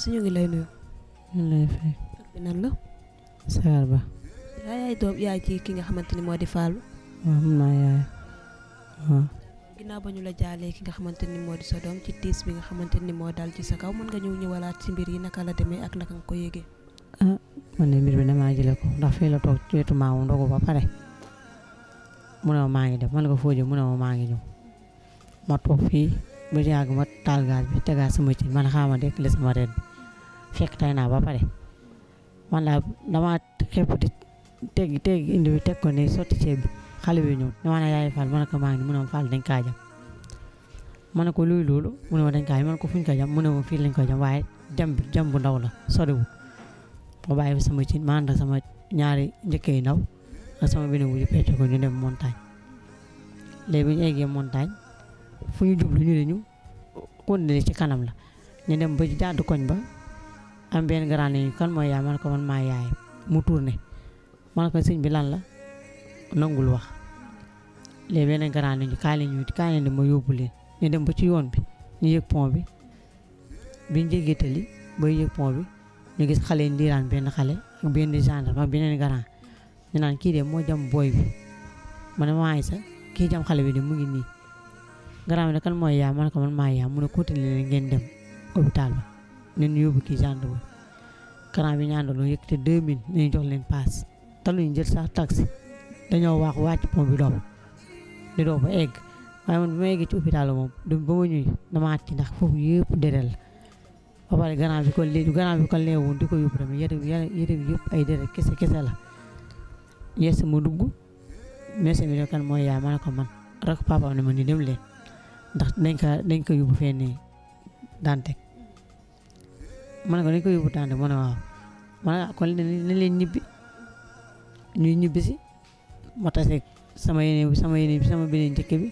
suñu ngi lay nuyu. ñu lay fay. ak la. Saar Ba. yaay doom ki nga xamante ni moo di Fallou. waaw ba ñu la jaalee ki nga xamante ni moo di sa doom ci tiis bi nga xamante ni moo dal ci sa kaw mën nga ñëw ñëwalaat ci mbir yi naka la demee ak naka nga ko yëgee. ah man de mbir bi damaa jëlee ko ndax fii la toog ci wetu maamu ndogu ba pare mu maa ngi dem man la ko foo ma maa ngi ñëw ma toog fii. ba yàgg ma taal gaz bi tegaat sama cin man xaaral ma dekkale sama ren fekk tey naa ba pare man laa damaa xepp di teggi teggi indi bi teg ko ne sotti ceeb bi xale bi ñëw ne ma ne yaay Fall ma ne ko maa ngi mu ne ma dañ kaa jam ma ne ko luy loolu mu ne ma dañ kaa jam ne ko fuñ ko jam mu ne fii lañ ko jam waaye jam bi bu ndaw la soriwul ma bàyyi sama cin ma ànd sama ñaari njëkk yu ndaw ak sama benn wuju pecc ko ñu dem montagne léegi bi eggee montagne fu ñu jublu ñu ne ñu continuer ci kanam la ñu dem ba ci jàdd koñ ba am benn grand ñu kan mooy yaay man ko man maa yaay mu tourné man ko sëñ bi lan la nangul wax léegi beneen grand ñu kaay la ñuy kaay ma yóbbu leen ñu dem ba ci yoon bi ñu yëg pont bi biñ jéggi tali yëg pont bi ñu gis xale yi ndiiraan benn xale ak benn gendarme ak beneen grand ñu naan kii de moo jam booy bi ma ne maa kii jam xale bi de mu ngi nii. garaam ne kan mooy yaa man ko man maa yaa mu ne continuer leen ngeen dem hôpital ba nen yóbbu kii gendarme garaam bi ñaandal loolu yëkkati 2000 leen paas taluñu sax taxi dañoo waax bi dox di dox ba egg du ba ndax foofu yëpp deret la ba pare yëpp ay deret kese kese la yes ma dugg messe mi ne kan mooy yaa ma ne ko man rek papa ne ma ni dem leen ndax dinañ ko dañ ko yóbbu fee nii daan teg ma ne ko dañ ko yóbbu daan teg waaw ma ne ah, kon nañ leen ñibbi ñuy ñibbi si ma tase sama yeneen sama yeneen sama beneen njëkk bi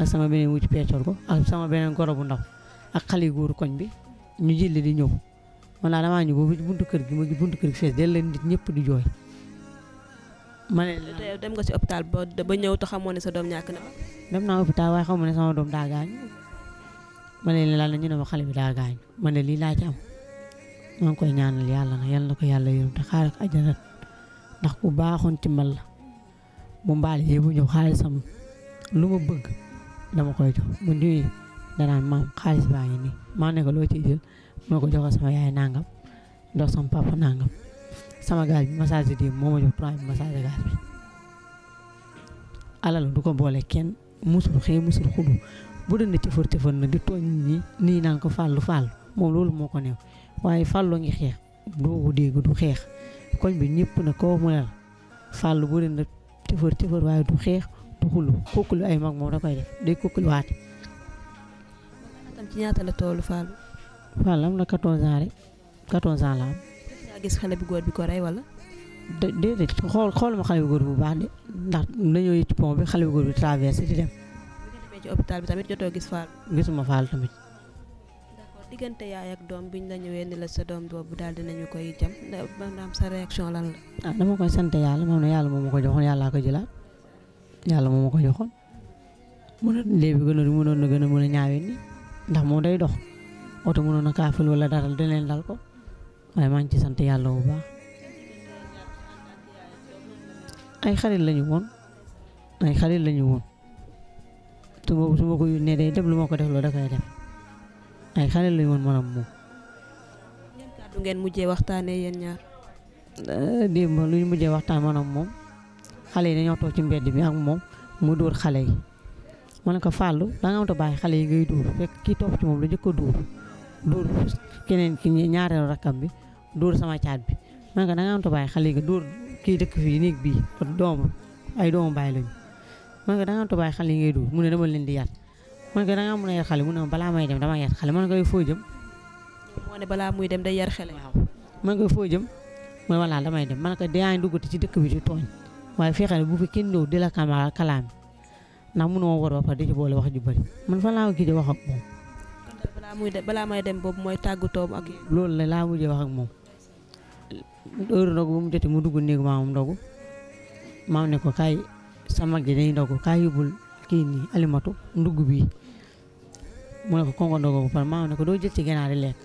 ak sama beneen wucc peetoor ko ak sama beneen goro bu ndaw ak xale yu góoru koñ bi ñu jëlee di ñëw man laa ah, damaa ñëw ba buntu kër gi ma buntu kër gi fees del leen nit ñëpp di jooy. ma ne la dem nga ci hôpital ba ba ñëw te xamoo ne sa doom ñàkk na. dem naa hôpital waaye xamuma ne sama doom daa gaañ ma la ñu ne ma xale bi daa ma ne lii laa ci am maa ngi koy ñaanal yàlla na yàlla ko yàlla yërëm te xaaral ko àjjana ndax ku baaxoon ci mal la mu mbaale yee bu ñëw xaalisam lu ma bëgg dama koy jox bu ñëwee danaan maam xaalis baa ngi nii maa ne ko loo ciy jël moo ko joxal sama yaay nangam jox sama papa nangam. sama gaal bi massage démb moo ma jox 3000 massage gaal bi alal du ko boole kenn musul xëy musul xudu bu dee ne cëfër cëfër na di tooñ nii naan ko fàllu fàllu moom loolu moo ko neew waaye fàllu ngi xeex doo ko du xeex koñ bi ñëpp na koo mënal fàllu bu dee ne cëfër cëfër waaye du xeex du xulu kokkulu ay mag moom da koy def day kokkulu waate fàllu am na 14 rek 14 ans am gis xale bu góor bi ko rey wala. déedéet xool xooluma xale bu góor bu baax de ndax dañoo yëg ci pont bi xale bu góor bi traversé di dem. hôpital bi tamit jotoo gis faal. gisuma faal tamit. diggante yaay ak doom bi la ñëwee ni la sa doom boobu daal dinañu koy jam maanaam sa réaction la. Ah, dama koy sant yàlla moom ne yàlla moom ma ko joxoon yàllaa ko jëlaat yàlla moom ma ko joxoon. mënoon léegi bi gën a mënoon gën a mën a ñaawee nii ndax moom day dox oto mënoon a kaafal wala dara dina leen dal ko. waaye maa ngi ci sant yàlla bu baax ay xarit lañu woon ay xarit lañu woon su ma su ma ko yónnee day dem lu ma ko def loolu da koy def ay xarit lañu woon maanaam moom. ngeen mujjee waxtaanee yéen ñaar. Eh, démb lu mujjee waxtaan maanaam moom xale yi dañoo toog ci mbedd bi ak moom mu dóor xale yi ma ne ko fàllu da nga am bàyyi xale yi ngay dóor fekk kii topp ci moom la njëkk dóor dóor keneen ki ñaareelu rakkam bi dóor sama caat bi man ko da nga am to bàyyi xale yi dóor kii dëkk fii néeg bii doom ay doomu bàyyi lañu man ko da nga am to xale yi ngay dóor mu ne dama leen di yar man ko nga mën a yar balaa may dem dama xale man koy foo jëm moo ne balaa muy dem day yar xale waaw man koy foo jëm mooy walla damay dem man ko dayaa ngi duggati ci dëkk bi ci tooñ waaye fexeel bu fi kenn ñëw di la kama kalaam ndax mënoo war ba pare di ci wax ju bëri man fa laa mujjee wax ak moom. balaa muy balaa may dem boobu mooy tàggatoo ak. loolu la laa mujjee wax ak moom. heure ndogu bu mu jotee mu dugg néegu maamam ndogu maam ne ko kaay sa mag ji day ndogu kaay yóbbul kii nii alimatu ndugg bi mu ne ko kongo ndogu ba pare maam ne ko doo jël ci ganaar lekk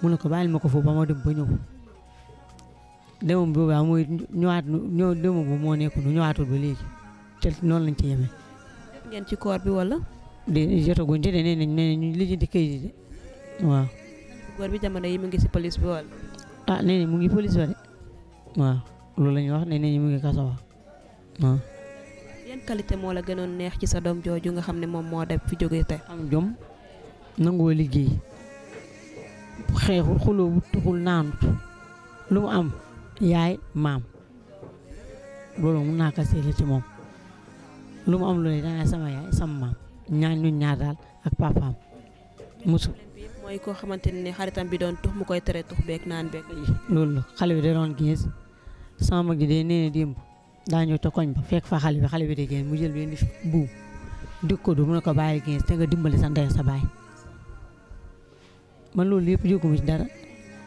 mu ne ko bàyyil ma ko foofu ba ma dem ba ñëw demam boobu mooy ñëwaat ñëw noonu lañ ci yemee. bi wala. di ah nee nañ mu ngi police ba de waaw loolu lañuy wax nee nañ mu ngi kaso waaw. yan qualité moo la gënoon neex ci sa doom jooju nga xam ne moom moo def fi jóge tey. am jom nangoo liggéey xeexul xuloo bu tuxul naanut lu mu am yaay maam loolu mun naa ko seetlu ci moom lu mu am loolu danaa sama yaay sama maam ñaan ñu ñaar daal ak papaam musul mooy koo xamante ne xaritam bi doon mu koy tere tux beeg naan beeg yi. loolu xale bi da doon gis sama dee nee démb daa ñëw te koñ ba fa xale bi xale bi di génn mu jël benn bu dikk ko du mun ko bàyyi gis te dimbali sa ndey sa baay man loolu yëpp jóguma ci dara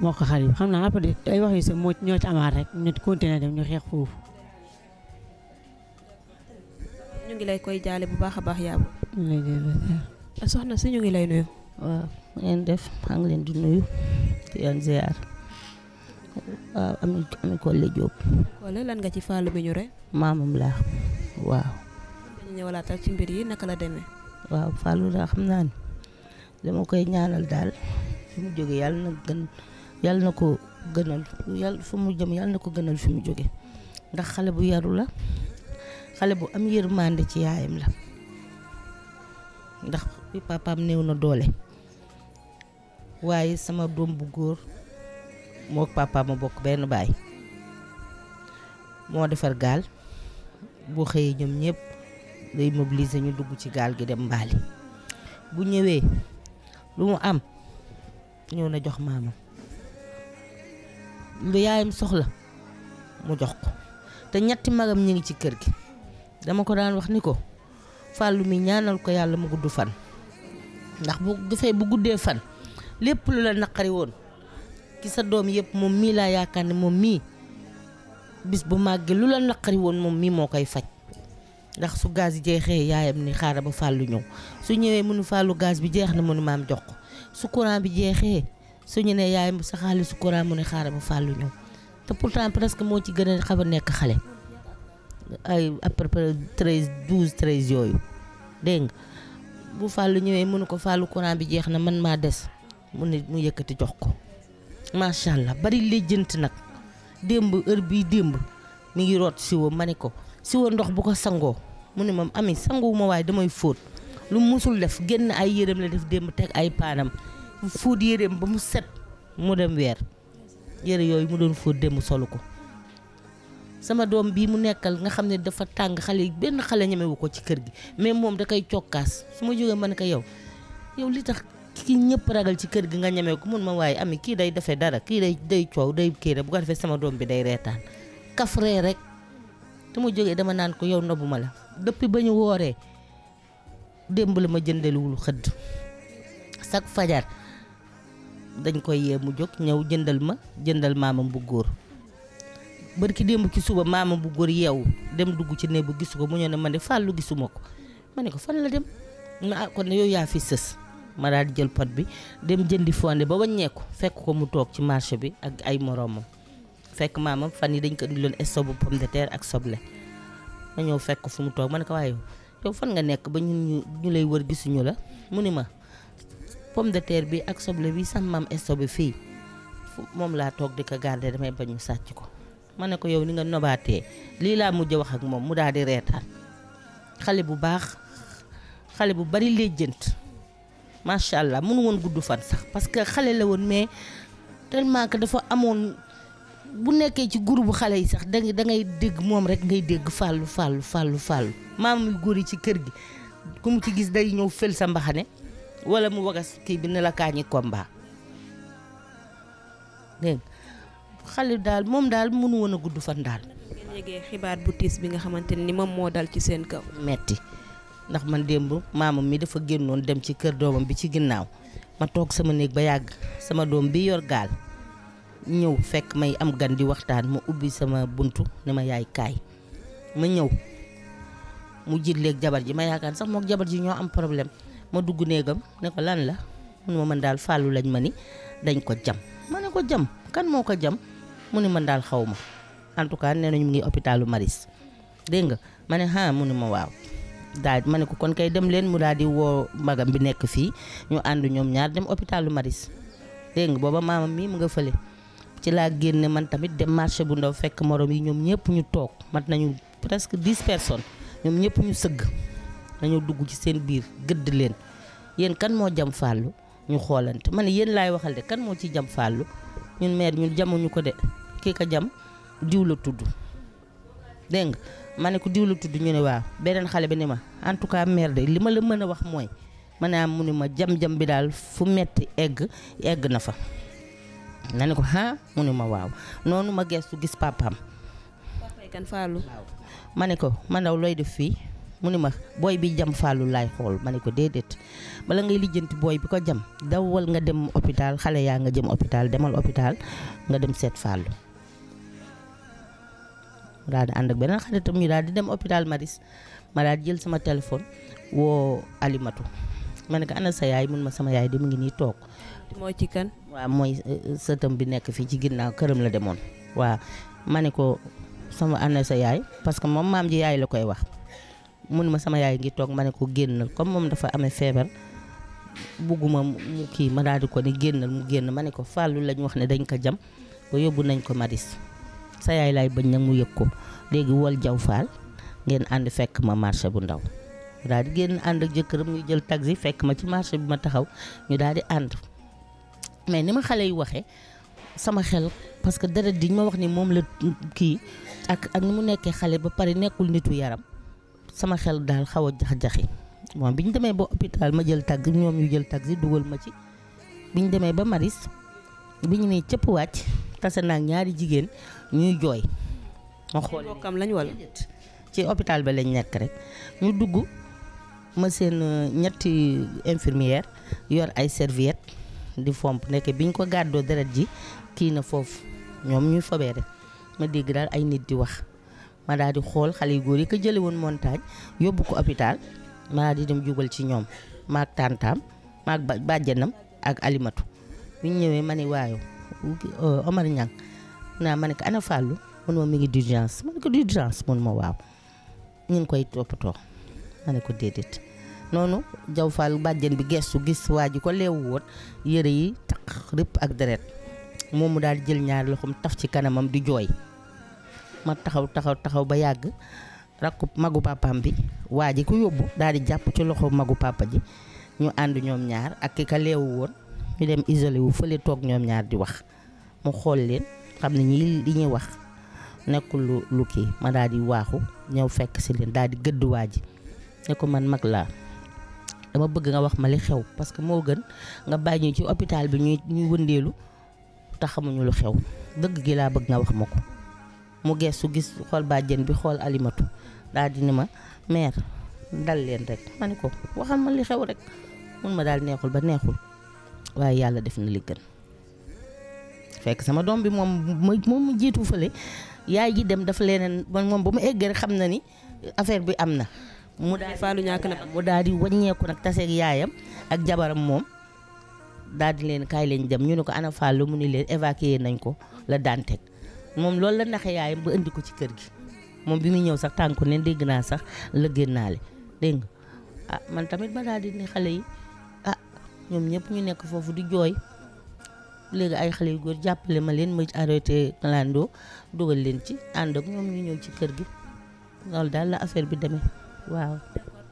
moo ko xale bi xam naa après ay wax yu sa moo ñoo ci amaat rek ñu continuer dem ñu xeex foofu. ñu ngi lay koy jaale bu baax a baax yaa soxna si ñu ngi lay nuyu. waaw ngeen def maa leen di nuyu di leen waaw ami ami Kole Diop. Kole nga ci Fallou Bignore. maamam laa waaw. ñu ñëwalaat ci mbir yi naka la demee. waaw xam naa ni dama koy ñaanal daal fi mu jóge yàlla na gën yàlla na ko gënal yàlla fu mu jëm yàlla na ko gënal fi mu jóge ndax xale bu yaru la xale bu am yërmande ci yaayam la ndax papaam néew na doole. waaye sama doom bu góor moo papa ma bokk benn baay moo defar gaal boo xëyee ñoom ñëpp day mobiliser ñu dugg ci gaal gi dem mbaali bu ñëwee lu mu am ñëw na jox maamam lu yaayam soxla mu jox ko te ñetti magam ñu ngi ci kër gi dama ko daan wax ni ko fàllu mi ñaanal ko yàlla mu gudd fan ndax bu defee bu guddee fan lépp lu la naqari woon ci sa doom yëpp moom mii laa yaakaar ne moom mii bis bu màggee lu la naqari woon moom mii moo koy faj ndax su gaz yi jeexee yaayam ni xaaral ba fàllu ñëw su ñëwee mënu fàllu gaz bi jeex na mënu maam jox ko su courant bi jeexee su ñu ne yaayam sa xaalis su courant mu ne xaaral ba fàllu ñëw te pourtant presque moo ci gën a xaw a nekk xale ay à peu près treize douze treize yooyu dégg nga bu fàllu ñëwee mënu ko fàllu courant bi jeex na man maa des. mu ne mu yëkkati jox ko macha allah bari léjjant nag démb heure bii démb mu ngi root siwo ma ne ko siwo ndox bu ko sangoo mu ne moom amee sanguwuma waaye damay fóot lu musul def génn ay yéreem la def démb teg ay paanam fóot yéreem ba mu set mu dem weer yére yooyu mu doon fóot démb solu ko sama doom bii mu nekkal nga xam ne dafa tàng xale yi benn xale ñemewu ko ci kër gi mais moom da kay cokkaas su ma jógee ma ne ko yow yow li tax ki ñëpp ragal ci kër gi nga ñemee ko mun ma waaye ami kii day defee dara kii day day coow day kii rek bu ko sama doom bi day reetaan kafree rek te mu jógee dama naan ko yow nobbu ma la depuis ba ñu wooree démb ma jëndaliwul xëdd chaque fajar dañ koy yee mu jóg ñëw jëndal ma jëndal maamam bu góor bërki démb ci suba maamam bu góor yeewu dem dugg ci néeg bu gisu ko mu ñëw ne man de fàllu gisuma ko ma ne ko fan la dem ma ah, kon ne yow yaa fi sës ma daal di jël pot bi dem jëndi fonde ba waññeeku fekk ko mu toog ci marché bi ak ay moroomam fekk maamam fan yi dañ ko indiloon stock bu pomme ak soble ma ñëw fekk fu mu toog ma ne ko waaye yow fan nga nekk ba ñun ñu lay wër gisuñu la mu ni ma pomme de terre bi ak soble bi sama maam stock bi fii moom laa toog di ko garder damay ba ñu sàcc ko ma ne ko yow ni nga nobaatee lii laa mujj wax ak moom mu daal di reetaan xale bu baax xale bu bari léjjant macha allah mënu woon gudd fan sax parce que xale la woon mais tellement dafa amoon bu nekkee ci groupe xale yi sax da ngay dégg moom rek ngay dégg fàllu fàllu fàllu fàllu maam góor yi ci kër gi ku mu ci gis day ñëw fël sa mbaxane wala mu wagas kii bi ne la kaañi combat dégg xale daal moom daal mënu woon a gudd fan daal. ngeen xibaar bu tiis bi nga xamante ni moom moo dal ci seen kaw. metti ndax man démb maamam mi dafa génnoon dem ci kër doomam bi ci ginnaaw ma toog sama néeg ba yàgg sama doom bi yor gaal ñëw fekk may am gan di waxtaan ma ubbi sama buntu ne ma yaay kaay ma ñëw mu jiitleeg jabar ji ma yaakaar sax jabar ji ñoo am problème ma dugg néegam ne ko lan la mun ma daal fàllu lañ ma ni dañ ko jam jam kan moo ko jam mu ne man daal xaw ma en tout cas nee nañu mu ngi hôpitalu Maris dégg ma ne ha ah, mu ne ma waaw daal ma ne ko kon kay dem leen mu daal di woo magam bi nekk fii ñu ànd ñoom ñaar dem hôpitalu Maris dégg nga booba maamam mii mu nga fële ci laa génne man tamit dem marché bu ndaw fekk morom yi ñoom ñëpp ñu toog mat nañu presque dix personnes ñoom ñëpp ñu sëgg dañoo dugg ci seen biir gëdd leen yéen kan moo jam fàllu ñu xoolante ma ne yéen laay waxal de kan moo ci jam fàllu ñun maire ñu jamuñu ko de kii ka jam diw la tudd dégg ma ne ko diwlu tudd ñu ne waaw beneen xale bi ni ma en tout cas mère de li ma la mën a wax mooy maanaam mu ni ma jam-jam bi daal fu metti egg egg na fa ma ne ko ah mu ni ma waaw noonu ma gestu gis pàppam kan faalu ma ne ko ma ndaw looy def fii mu ni ma booy bi jam faalu laay xool ma ne ko déedéet bala ngay lijjanti booy bi ko jam dawal nga dem hôpital xale yaa nga jëm hôpital demal hôpital nga dem seet faalu daal di ànd ak beneen xaritam ñu daal di dem hôpital Maris ma daal jël sama téléphone woo Alimatu ma ne ko ana sa yaay mun ma sama yaay di mu toog. moo ci kan. mooy euh, euh, sëtam bi nekk fii ci ginnaaw këram la demoon. waaw ma ne ko sama ana sa yaay parce que moom maam ji yaay la koy wax mun ma sama yaay ngi toog ma ne ko génnal comme moom dafa amee feebar. bugguma mu kii ma daal di ko ne génnal mu génn ma ne ko fàllu lañu wax ne dañ ko jam ba yóbbu nañ ko maris sa yaay laay bëñ nag mu yëg ko léegi wol jaw faal ngeen ànd fekk ma marché bu ndaw daal di génn ànd ak jëkkëram ñu jël taxi fekk ma ci marché bi ma taxaw ñu daal di ànd mais ni ma xale yi waxee sama xel parce que deret diñ ma wax ni moom la kii ak ak ni mu nekkee xale ba pare nekkul nitu yaram sama xel daal xaw a jax-jaxi bi ñu demee ba hôpital ma jël taxi ñoom ñu jël taxi dugal ma ci bi ñu demee ba Maris bi ñu nee cëpp wàcc tase nag ñaari jigéen ñuy jooy. ma xool bokkam lañ wala ci hôpital ba lañ nekk rek ñu dugg ma seen euh, ñetti infirmière yor ay serviette di fomp nekk biñ ko gàddoo deret ji kii na foofu ñoom ñuy fobee rek ma dégg daal ay nit di wax ma daal di xool xale yu góor yi ko jële woon montagne yóbbu ko hôpital ma daal di dem jubal ci ñoom maag tàntaam maag bàjjanam ak alimatu bi ñëwee ma ne waayu euh, Omar Niang naa ma ne ko ana Fallou mun mi ngi d'urgence ma ne ko d'urgence mun ma waaw ñu ngi koy toppatoo ma ne ko déedéet noonu jaw Fall bàjjen bi geestu gis waa ji ko leewu woon yére yi taq rëpp ak deret moom mu daal jël ñaar loxoom taf ci kanamam di jooy ma taxaw taxaw taxaw ba yàgg rakku magu papaam bi waa ji ku yóbbu daal di jàpp ci loxo magu pàppa ji ñu ànd ñoom ñaar ak ki ka leewu woon ñu dem isolé wu fële toog ñoom ñaar di wax mu xool leen xam ne ñii li ñuy wax nekkul lu lu kii ma daal waaxu ñëw fekk si leen daal di waa ji ne ko man mag laa dama bëgg nga wax ma li xew parce que moo gën nga bàyyi ñu ci hôpital bi ñuy ñuy wëndeelu te xamuñu lu xew dëgg gi laa bëgg nga wax ma ko mu geestu gis xool bàjjen bi xool alimatu daal di ni ma meer dal leen rek ma ne ko waxal ma li xew rek mun ma daal neexul ba neexul waaye yàlla def na li gën fekk sama doom bi moom moom mu jiitu fële yaay ji dem dafa leneen man moom ba mu eggee rek xam na ni affaire bi am na. mu daal faalu ñàkk na mu daal di wàññeeku nag taseeg yaayam ak jabaram moom daal di leen kaay leen dem ñu ne ko ana faalu mu ni leen évacué nañ ko la daan teg moom loolu la naxe yaayam ba indi ko ci kër gi moom bi muy ñëw sax tànku ne dégg naa sax la génnaale dégg ah man tamit ba daal di xale yi. ñoom ñëpp ñu nekk foofu di jooy léegi ay xale yu góor jàppale ma leen ma arrêté clando dugal leen ci ànd ak ñoom ñu ñëw ci kër gi loolu daal la affaire bi demee waaw.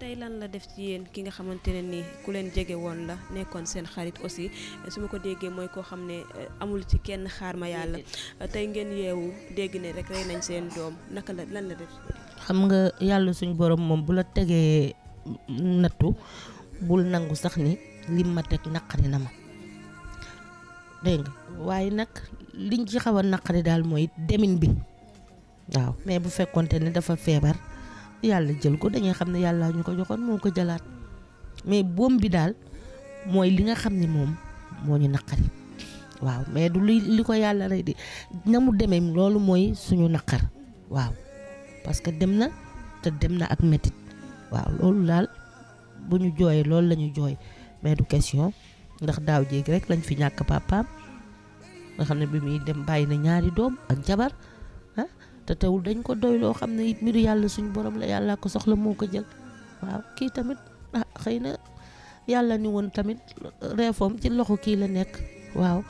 tey lan la def ci yéen ki nga xamante ne nii ku leen jege woon la nekkoon seen xarit aussi su ma ko déggee mooy koo xam ne eh, amul ci kenn xaar ma yàlla tey ngeen yeewu dégg ne rek rey nañ seen doom naka la lan la def. xam nga yàlla suñu boroom moom bu la tegee nattu bul nangu sax ni. lim ma teg naqari na ma dégg nga waaye nag liñ ci xaw naqari daal mooy demin bi waaw mais bu fekkonte ne dafa feebar yàlla jël ko dañuy xam ne yàlla ñu ko joxoon moo ko jëlaat mais boom bi daal mooy li nga xam ni moom moo ñu naqari waaw mais du li li ko yàlla rey di na mu demee loolu mooy suñu naqar waaw parce que dem na te dem na ak métit waaw loolu daal bu ñu jooyee loolu la ñu jooy mais du question ndax daaw jéeg rek lañ fi ñàkk papaam nga xam ne bi muy dem bàyyi na ñaari doom ak jabar ah, te teewul dañ ko doy xam ne it mbiru yàlla suñu borom la yàlla ko soxla moo ko jël waaw kii tamit ah xëy na yàlla ni woon tamit reefom ci loxo kii la nekk waaw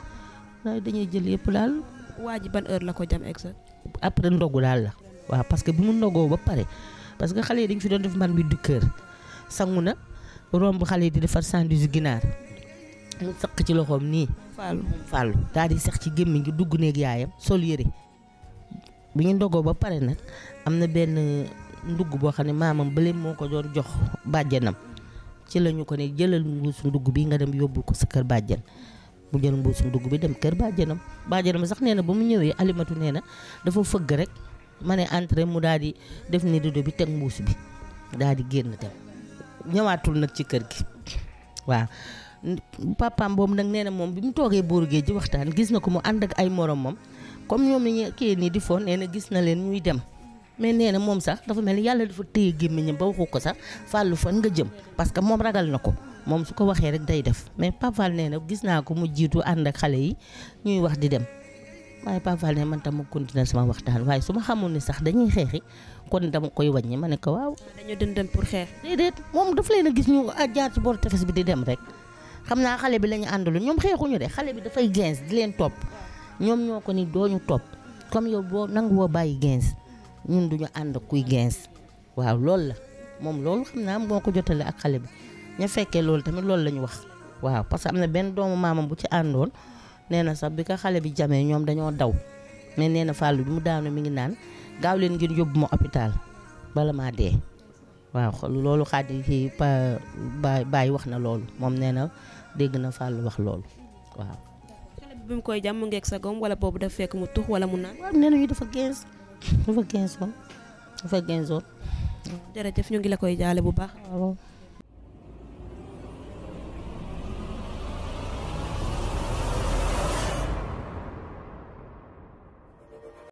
dañuy jël yëpp daal. waa ji ban heure la ko jam exact après ndogu daal la waaw parce que bi mu ndogoo ba pare parce que xale yi dañ fi doon def mbar bi du kër sangu na. romb xale yi di defar sandwich ginaar mu sëq ci loxoom nii. fàllu fàllu daal di sax ci gémmiñ gi dugg néeg yaayam sol yére bi ñu ndogoo ba pare nag am na benn ndugg boo xam ne maamam bële moo ko doon jox bàjjanam ci la ko ne jëlal mbuusu ndugg bi nga dem yóbbul ko sa kër bàjjan mu jël mbuusu ndugg bi dem kër bàjjanam bàjjanam sax nee na ba mu ñëwee alimatu nee na dafa fëgg rek ma ne entré mu daal di def ni dodo bi teg mbuus bi daal di génn dem. ñawaatul nag ci kër gi waaw papaam boobu nag nee na moom bi mu toogee booru géej ji waxtaan gis na ko mu ànd ak ay moromam comme ñoom ni ñu kii nii di foon nee na gis na leen ñuy dem mais nee na moom sax dafa mel ni yàlla dafa téye gémmiñam ba waxu ko sax fàllu fan nga jëm parce que moom ragal na ko moom su ko waxee rek day def mais Pape nee na gis naa ko mu jiitu ànd ak xale yi ñuy wax di dem waaye Pape Fall ne man tam mu continuer sama waxtaan waaye su ma xamoon ni sax dañuy xeexi kon dama koy wàññi ma ne ko waaw. dañoo dëndën pour xeex. déedéet moom daf leen a gis ñu jaar ci boor tefes bi di dem rek xam naa xale bi la ñu àndalu ñoom xeexuñu de xale bi dafay gens di leen topp ñoom ñoo ko ni ñu topp comme yow boo nangu woo bàyyi gens ñun duñu ànd kuy gens waaw loolu la moom loolu xam naa moo ko jotale ak xale bi ñu fekkee loolu tamit loolu la ñu wax waaw parce que am na benn doomu maamam bu ci àndoon nee na sax bi ko xale bi jamee ñoom dañoo daw mi ngi naan gaaw leen ngeen yóbbu ma hôpital bala maa dee waaw loolu xaadi ci pa bàyyi wax na loolu moom nee na dégg na Fallou wax loolu waaw. xale bi mu koy jàmm mu sa gom wala boobu dafa fekk mu tux wala mu naan. waaw nee nañu dafa 15 dafa 15 dafa 15 woon. ñu ngi la koy jaale bu baax.